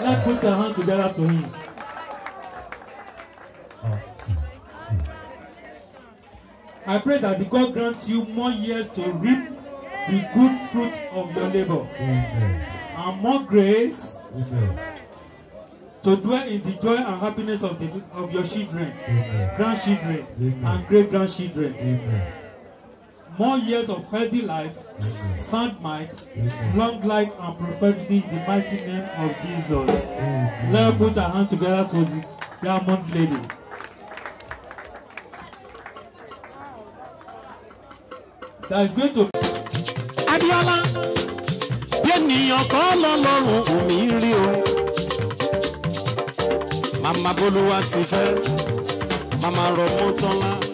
Let's put your hand together to him. I pray that the God grant you more years to reap the good fruit of your labor and more grace to dwell in the joy and happiness of, the, of your children, grandchildren, and great grandchildren more years of healthy life, sound mind, long life, and prosperity in the mighty name of Jesus. Let's put our hands together for the diamond lady. That is going to. Abiola, bí ènìyàn kan ti fẹ́, màmá Rọ̀mọ́tọ́lá.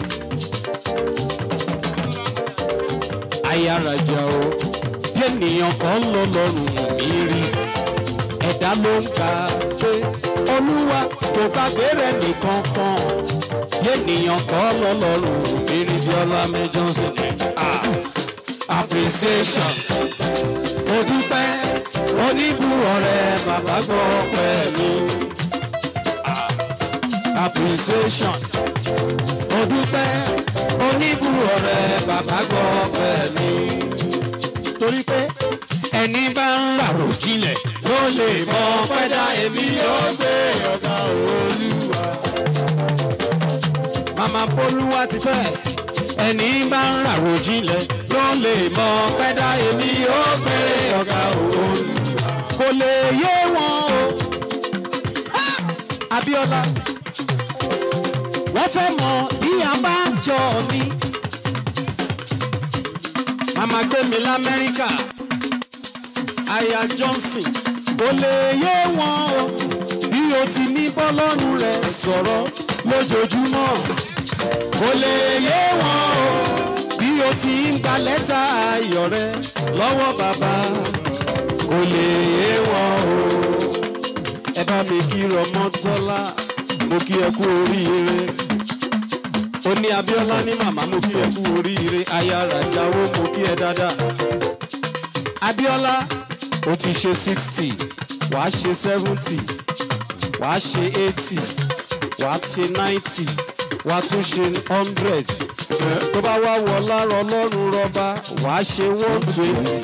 ayára o bí ènìyàn kan lọ lọ́rùn mi rí ẹ̀dá ló ń ka pé olúwa kò gbàgbé rẹ̀ nìkan kan bí ènìyàn kan lọ lọ́rùn mi rí bí Ọlámidé Johnson appreciation mo dúpẹ́ oníbùrọ̀ rẹ̀ bàbá gbọ́ pẹ̀lú appreciation mo oníbu ọ̀rẹ́ bàbá gbọ́ ọpẹ́ mi. torí pé ẹni bá ń ràrò jinlẹ̀ ló lè mọ pẹ́dà èmi yóò gbé ọ̀gá olúwa. màmá polúwa ti fẹ́ ẹni bá ń ràrò jinlẹ̀ ló lè mọ pẹ́dà èmi yóò gbé ọ̀gá olúwa. kò lè yé wọn o. Abíọ́lá wọ́n fẹ́ mọ bí a bá àwùjọ mi. Màmá gbé mi l'Amẹ́ríkà, Aya Johnson, kò lè yé wọn o. Bí o ti ní bọ́lọ́nu rẹ̀ sọ̀rọ̀ lójoojúmọ́, kò lè yé wọn o. Bí o ti ń gba lẹ́tà ayọ̀ rẹ̀ lọ́wọ́ bàbá, kò lè yé wọn o. Ẹ bá mi kí Rọmọtọ́lá, mo kí ẹ kú oríire ó ní abiola ní màmá mo kí ẹ kú oríire aya Ràjáwó mo kí ẹ dáadáa Abíọ́lá ó ti ṣe sixty wàá ṣe seventy wàá ṣe eighty wàá ṣe ninety wàá tún ṣe hundred tó bá wá wọ lára ọlọ́run rọba wàá ṣe one twenty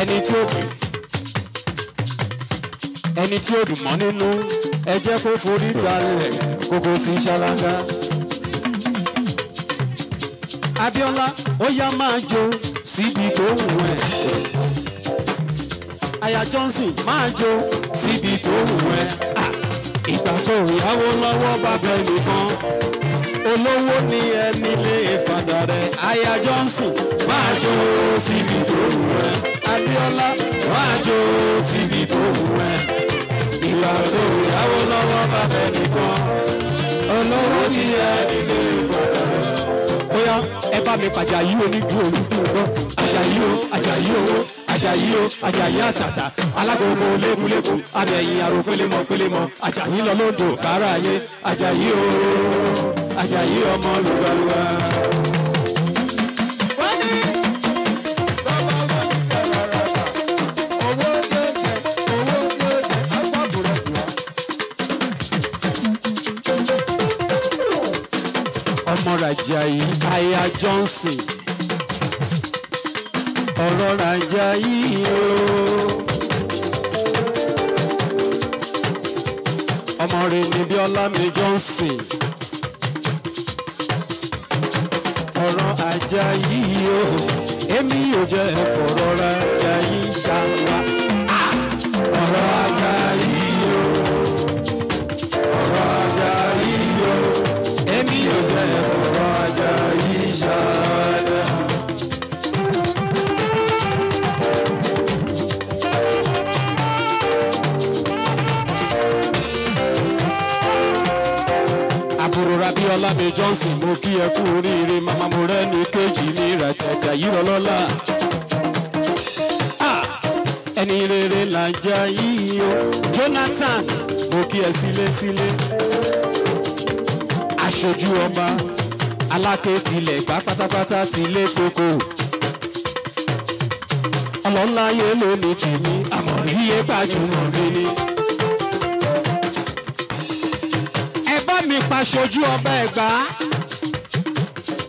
ẹni tí ó ẹni tí ó dùn mọ́ nínú ẹ jẹ́ kó forí balẹ̀ kókó sí ṣáláńgá. Abíọ́lá ó yá máa jó síbi tó wù ẹ́. Aya Johnson máa jó síbi tó wù ẹ́. Ìgbà tó ìyàwó lọ́wọ́ bàbá ẹnìkan olówó ni ẹni lè fàdà rẹ̀. Aya Johnson máa jó síbi tó wù ẹ́. Abíọ́lá máa jó síbi tó wù ẹ́. Ìgbà tó ìyàwó lọ́wọ́ bàbá ẹnìkan olówó ni ẹni lè fàdà rẹ̀ gbọ́ ẹ bá mi pàjà yí onígun olùkún gbọ́ Àjàyí o Àjàyí o Àjàyí o Àjàyí àtàtà alágbogbo lékuléku abẹ́yìn àrò pélémọ pélémọ Àjàyí lọ lódò káráyé Àjàyí o Àjàyí ọmọ lùwàlùwà. Rajayi aya Johnson ọ̀rọ̀ Rajayi ooo. ọmọ rẹ̀ ní Bíọ́lá mi Johnson ọ̀rọ̀ Ajayi ooo èmi yóò jẹ́ ọ̀rọ̀ Rajayi ṣáwá. Fọlámi Johnson mo kí ẹ kú oríire màmá mo rẹ́ni kejì mi ràtàtà yìí rọlọ́lá. ẹni rere là ń jẹ yìí o Jonathan mo kí ẹ sílé sílé. aṣojú ọba aláké tilẹ̀ gbá pátápátá ti lé toko. ọlọ́lá yẹn ló ní tèmi àmọ̀ rí yẹn gbajúmọ̀ mi ni. máa ṣojú ọba ẹ̀gbá.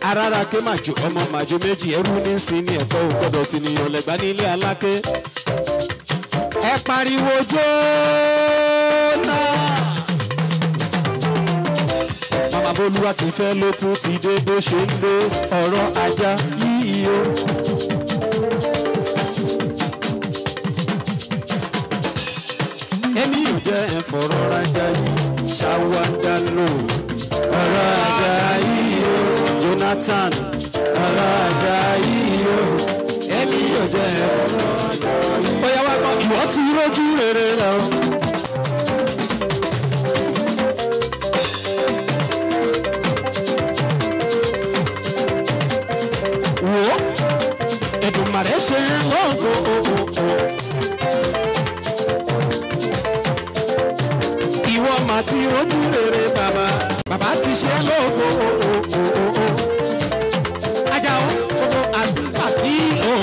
arára ké màjò ọmọ màjò méjì ẹrú ní sin ní ẹ̀fọ́ ògbọ́dọ̀ sí ni ọ̀lẹ́gbá ní ilé aláké. ẹ pariwo jóná. màmá bolúwa ti fẹ́ ló tún ti dé bó ṣe ń lo ọ̀rọ̀ ajá yíyí o. èmi ò jẹ́ ẹ̀fọ́ rọra jayé ṣàwádà lò ọ̀rọ̀ Jonathan ọ̀rọ̀ àjàyí o ẹ̀mí yóò jẹ́ ọ̀rọ̀ ọ̀yà wa kan ìwọ ti rójú rere lọ. wo Èdùmàrè ṣe lóògùn ojú rere bàbá bàbá ti ṣe lóko ajá o gbogbo àgbà tí ó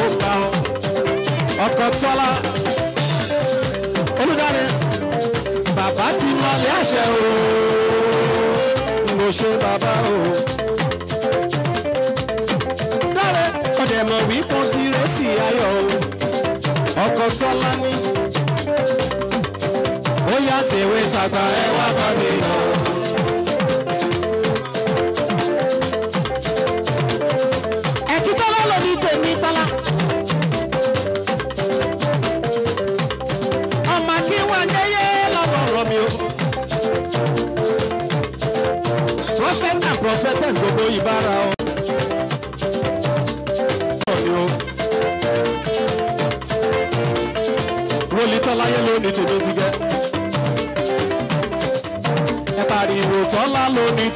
ọkọ tọ́lá olùdarí bàbá ti lọlé àṣẹ o mo ṣe bàbá. Mata é uma família.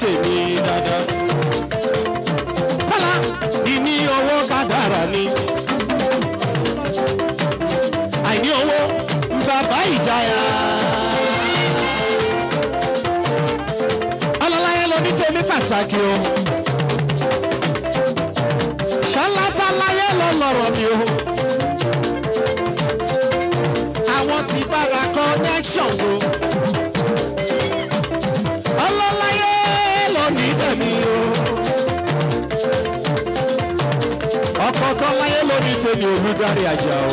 tèmi. Olúṣèyí Olúdáre Àjàó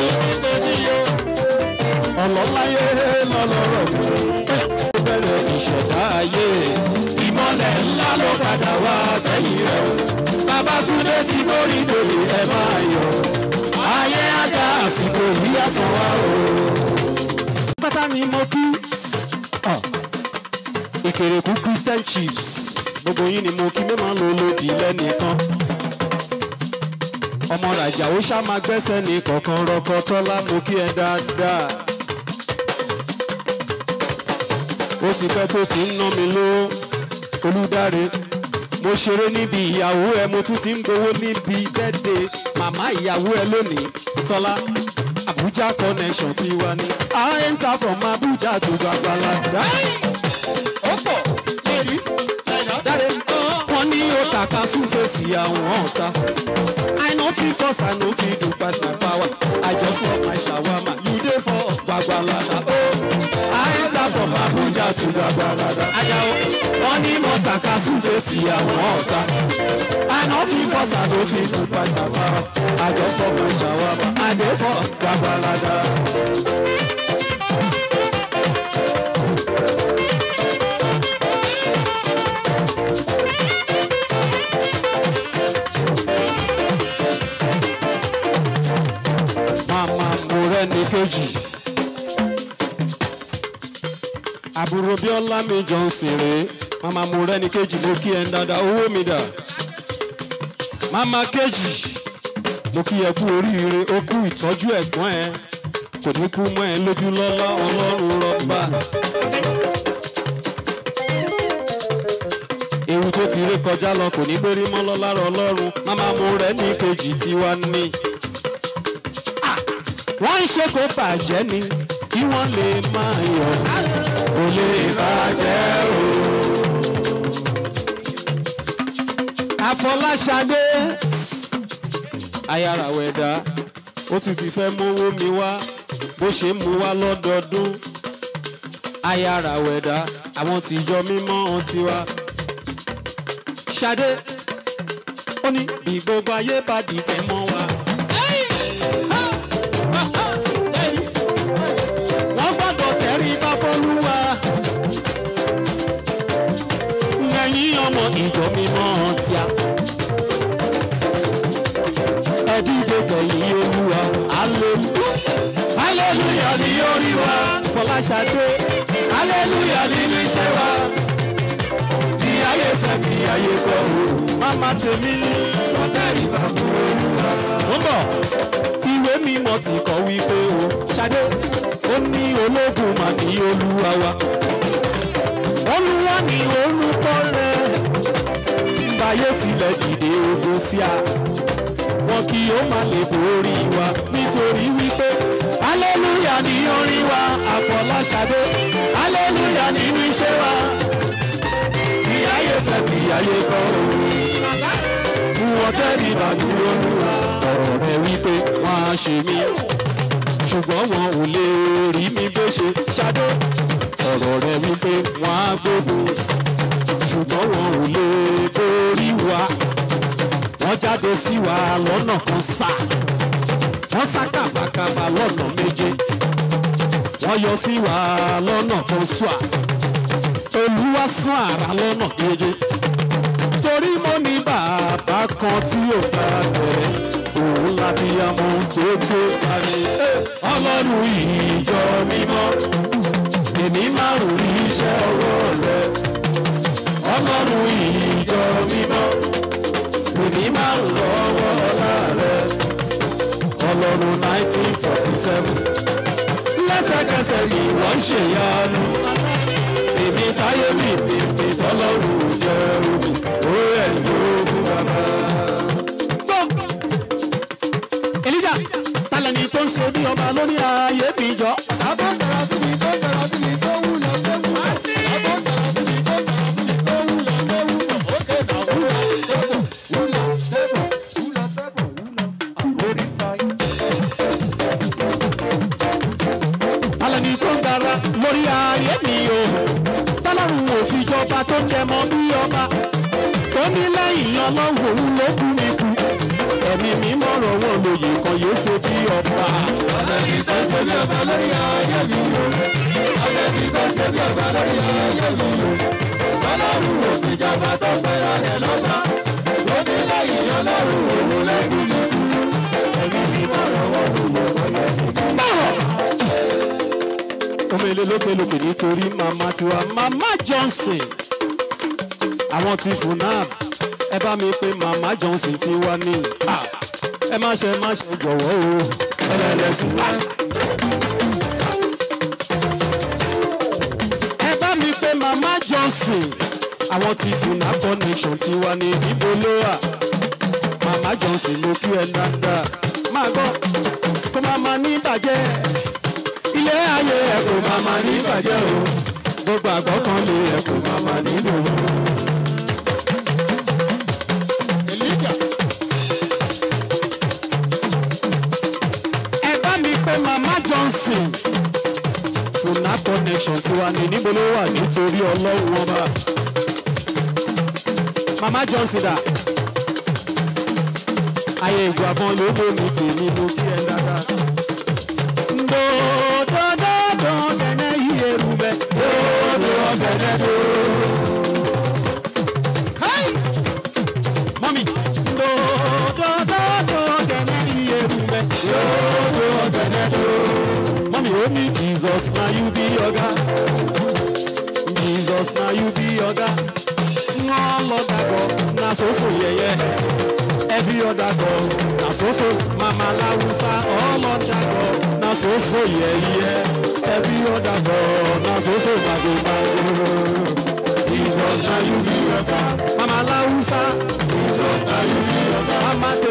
ọlọ́láyé lọ́lọ́rọ̀ kẹ́kọ̀ọ́ bẹ̀rẹ̀ ìṣẹ̀dá ayé ìmọ̀lẹ̀ ńlá ló padà wá tẹ̀yìn rẹ̀ o Babátúndé ti borí dòwe ẹ̀ máa yọ̀ ayé àdá àsìkò yíyá sàn wá o. pátá ni mo kú ìkèrèkú Christian Chiefs gbogbo yín ni mo kí mẹ́màá lò lòdì lẹ́nìkan ọmọ ràjà ó ṣá máa gbẹ́sẹ̀ ní kọ̀ọ̀kan rọkọ tọ́lá mo kí ẹ dáadáa. ó ti pẹ́ tó ti ń ná mi ló olùdarí mo ṣeré níbi ìyàwó ẹ mo tún ti ń gbowó níbi bẹ́ẹ̀dẹ̀ màmá ìyàwó ẹ lónìí tọ́lá Abuja connection ti wá ní. I enter from Abuja to Gbagbala. ó pọ̀ lè rí dáre kàkà sún àwọn ọ̀tá. I no fit force, I no fit do pass my power. I just want my shawarma, you dey for gbagbalada. Oh, I enter from Abuja to gbagbalada. Ajáò, oh. wọ́n ní mo tàkà sún fèsì àwọn ọ̀tá. I no fit force, I no fit do pass my power. I just want my shawarma, I dey for gbagbalada. àbúrò Bíọ́lá mi Johnson rèé màmá mo rẹ́ni kejì mo kí ẹ ń dáadáa owó mi dà màmá kejì mo kí ẹ kú oríire ó kú ìtọ́jú ẹ̀gbọ́n ẹ kò ní kú mọ́ ẹ lójú lọ́lá ọlọ́run rọ́bà. ewu tó ti ré kọjá lọ kò ní gbérí mọ́ lọ́lára ọlọ́run màmá mo rẹ́ni kejì tiwa ní. Ah! wọ́n ń ṣe kó bàjẹ́ ni kí wọ́n lè máa yọ̀ kò lè bàjẹ́ o. Àfọláṣadé ayárawẹ̀dá ó ti ti fẹ́ mówó mi wá bó ṣe mú wá lọ́dọọdún ayárawẹ̀dá àwọn tìjọ mímọ́ ohun tiwa. Ṣadé ó ní bí ayé bá dìtẹ̀ mọ́ wa. ìjọ mímọ́ tíá. ẹ dìde gbẹ̀yìn olúwa aleluya. aleluya ni orí wa. fọláṣadé. aleluya nínú iṣẹ́ wa. ní ayé fẹ́ mi ayé kọ́ o. mama tèmi ni. wọ́n tẹ̀lé bàbá olúwa. ń bọ̀ ìwé mímọ́ ti kọ wípé o ṣadé ó ní ológun mà ní olúwa wa olúwa ni orúkọ rẹ̀ ayé tilẹ̀ dìde ogo sí a wọn kì yóò má lè borí wa nítorí wípé aleluya ni orin wa àfọláṣadé aleluya nínú iṣẹ́ wa bí ayé fẹ́ bí ayé kọ́ fún wọn tẹ́lẹ̀ ìbàdúró wa ọ̀rọ̀ rẹ wípé wọ́n á ṣe mí ṣùgbọ́n wọn ò lè rí mi bó ṣe ṣadé ọ̀rọ̀ rẹ wípé wọ́n á gbógun ṣùgbọ́n wọn ò lè bó wa wọ́n jáde sí wa lọ́nà kan sá wọ́n sá kàbàkàbà lọ́nà méje wọ́n yọ sí wa lọ́nà kan sùà olúwa sún àrà lọ́nà méje torí mo ní bàbá kan tí ò bá bẹ̀rẹ̀ òun láti amú tó parí. ọlọ́run ìjọ mímọ́ èmi máa ń rí iṣẹ́ ọwọ́ rẹ. ọlọ́run ìjọ mímọ́ ẹ̀bùn ní máa ń lọ́wọ́ láàrẹ̀ ọlọ́run nineteen forty seven lẹ́sẹ̀kẹsẹ̀ ni wọ́n ń ṣèyanu èmi táyé mi mi tọ́lọ́run jẹ́ omi ó ẹ̀yìn ogun bàbá. Elijah, ta lẹni tó ń ṣe bí ọba lórí ayé mi jọ. ṣe bí ọba lórí ayé mi o. Ọ̀rẹ́ mi bá ṣe bí ọba lórí ayé mi o. Ọlọ́run ilé lókè lókè nítorí màmá tiwa Màmá Johnson àwọn ti funab ẹ bá mi pé màmá Johnson ti wá ní. Ah, ẹ má ṣe má ṣe jọ̀wọ́ o. ẹlẹ́lẹ́ ti ẹ bá mi pé mama johnson àwọn ti funapọ nation ti wà ní ìbò lóra mama johnson mo kí ẹ dáadáa máa gbọ́ kó má má ní bàjẹ́ ilé ayé ẹ kò má má ní bàjẹ́ o gbogbo àgbọ̀ kan lè ẹ kò má má nínú wọn. connection tiwa ni níbo ló wà nítorí ọlọ́run ọba. mama johnson dà ayé ìgbà kan ló bó mi tì mí mo kí ẹ dáadáa. ndòdòdòdò gẹ̀nẹ́ yí eru ndòdòdòdò gẹ̀nẹ́ yí Jesus, na you be oga. Jesus, na you be oga. All other God, na soso so yeah yeah. Every other God, na soso, Mama Lausa, all oh, other na soso so yeah yeah. Every other God, na soso so Jesus, na you be oga. Mama Lausa, Jesus, na you be oga. Mama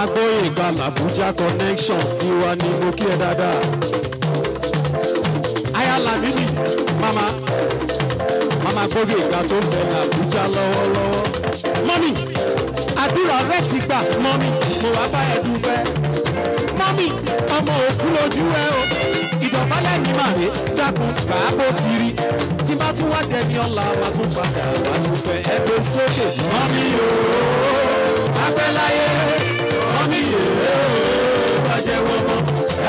máa gbóyè gba làbújá connection sí wa ní mo kí ẹ dáadáa. ayálàmí ni màmá màmá gbóyè ìgbà tó ń bẹ làbújá lọ́wọ́lọ́wọ́. mọ́mì àdúrà rẹ ti gbà mọ́mì mo wá bá ẹ dúpẹ́. mọ́mì ọmọ òkú lójú ẹ o ìdọ̀bálẹ̀ ni màrè dákun kàábò ti rí tí bá tún wá dẹni ọ̀la wá tún padà wá dúpẹ́ ẹ gbé sókè mọ́mì o abẹ́láyé.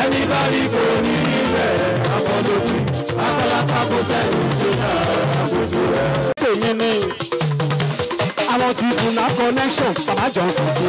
ẹni bá rí kò ní ilẹ̀ aṣọ lójú akọ́lápá kò sẹ́yìn tí ó dá àkójú rẹ̀. tèmi ni àwọn ti funa connection bàbá Johnson ti